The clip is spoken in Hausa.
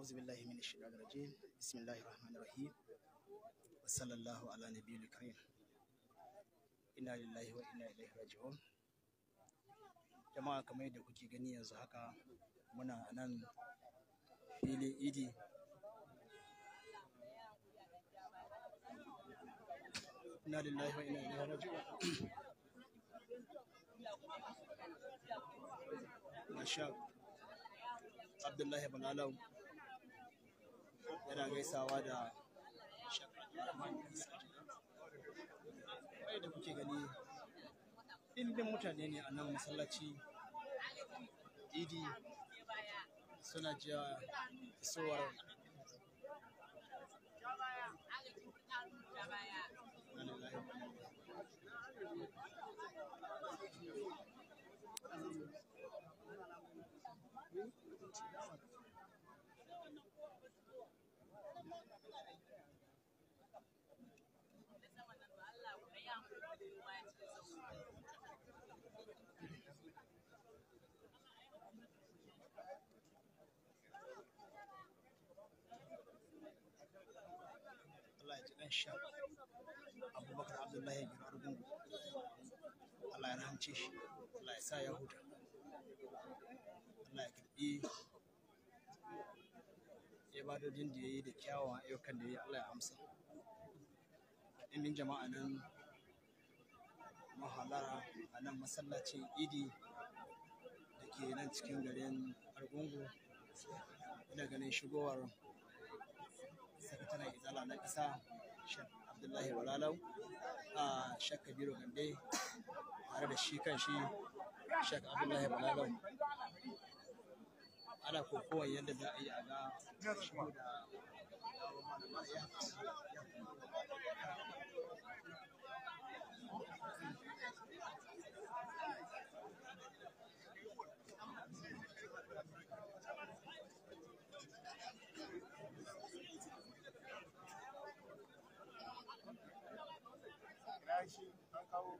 a'udhu billahi minash shaitanir rahim wa sallallahu kamar yadda kuke gani yanzu haka muna nan filin yana gaisawa da kai da kuke gani ɗimbin mutane ne a nan masallaci idi suna jiya isowar Thank you. sha abubakar abdullahi bin argun allah ya rahamce shi allah ya sa ya huta allah ya karbi ibadojin da ya yi da kyawawan ayyukan da ya yi allah ya amsa ɗimbin jama'a nan mahalara a nan masallacin idi da ke nan cikin garin argungu ina ganin shigowar sakataren izala na ƙasa shek abdullahi walalau a shak kabiru Kande, tare da shi kan shi shak abdullahi walalau ana kokowar yadda za a yi a ga shi da 来週、なんかを